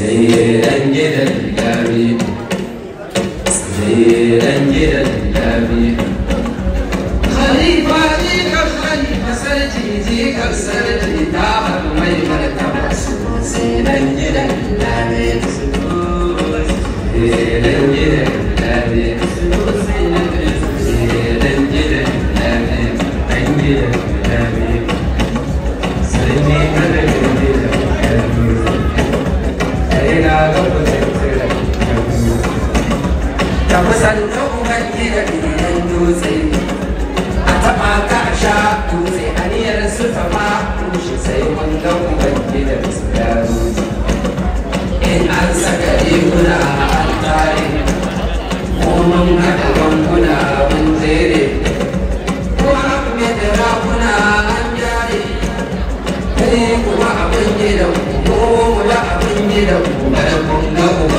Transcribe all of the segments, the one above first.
سيرا جدا لابي سيرا جدا لابي خليفة ديك خلي مسلتي ديك مسلتي داخل ميمنة تبسم سيرا جدا لابي kusanto ubangida gidan dutse a taɓa ka sha dutse aniyar su fama kushe sai wangan ubangida su gano in an saka riguna a altare ko mun haɗa bankuna mun jere ko haku mai da rakuna an jare kai kuma abin gidan ko mu da abin gidan mu da kun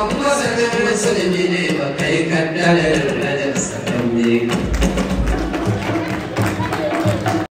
Mustn't, musulmi ne ba kai kaddalar